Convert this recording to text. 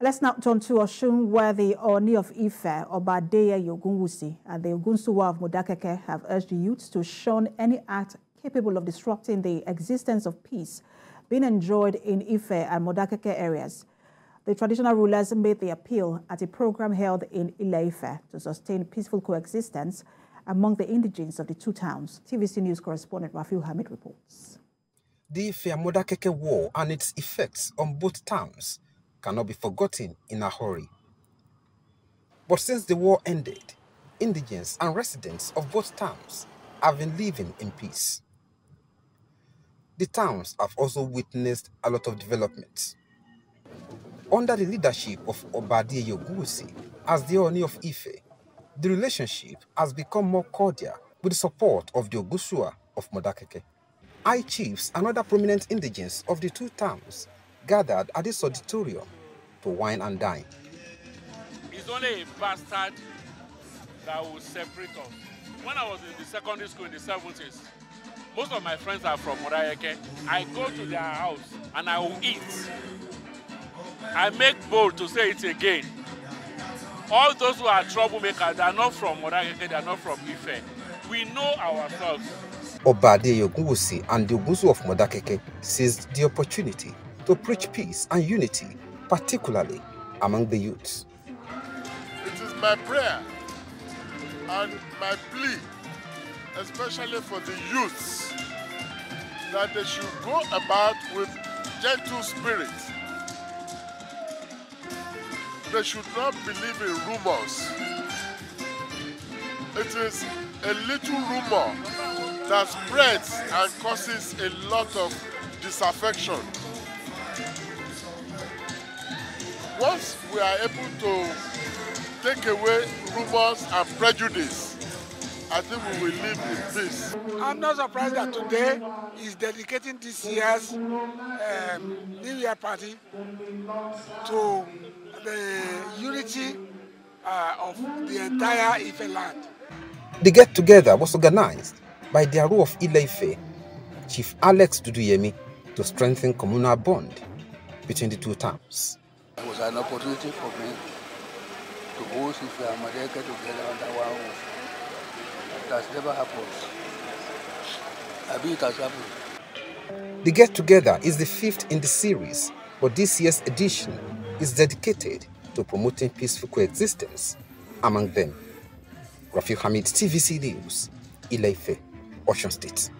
Let's now turn to Oshun, where the Oni of Ife, Obadeye Yogunwusi, and the Ogunsuwa of Modakeke have urged the youths to shun any act capable of disrupting the existence of peace being enjoyed in Ife and Modakeke areas. The traditional rulers made the appeal at a program held in Ile Ife to sustain peaceful coexistence among the indigents of the two towns. TVC News correspondent Rafiu Hamid reports. The Ife-Modakeke war and its effects on both towns cannot be forgotten in a hurry. But since the war ended, indigents and residents of both towns have been living in peace. The towns have also witnessed a lot of developments. Under the leadership of Obadiah Yogusi as the owner of Ife, the relationship has become more cordial with the support of the Ogusua of Modakeke. High chiefs and other prominent indigents of the two towns gathered at this auditorium to wine and dine. It's only a bastard that will separate us. When I was in the secondary school in the 70s, most of my friends are from Murayeke. I go to their house and I will eat. I make bold to say it again. All those who are troublemakers, they are not from Murayeke, they are not from Ife. We know ourselves. Obade Yogunwusi and the Ogunsu of Modakeke seized the opportunity to preach peace and unity, particularly among the youths. It is my prayer and my plea, especially for the youths, that they should go about with gentle spirit. They should not believe in rumors. It is a little rumor that spreads and causes a lot of disaffection once we are able to take away rumors and prejudice, I think we will live in peace. I'm not surprised that today is dedicating this year's um, New Year party to the unity uh, of the entire Ife land. The get-together was organized by the Aru of Ile-Ife, Chief Alex Duduyemi, to strengthen communal bond between the two towns. It was an opportunity for me to go if I'm America together under one roof. That's never happened. I mean, it has happened. The Get Together is the fifth in the series, but this year's edition is dedicated to promoting peaceful coexistence among them. Rafi Hamid, TVC News, Ileife, Ocean State.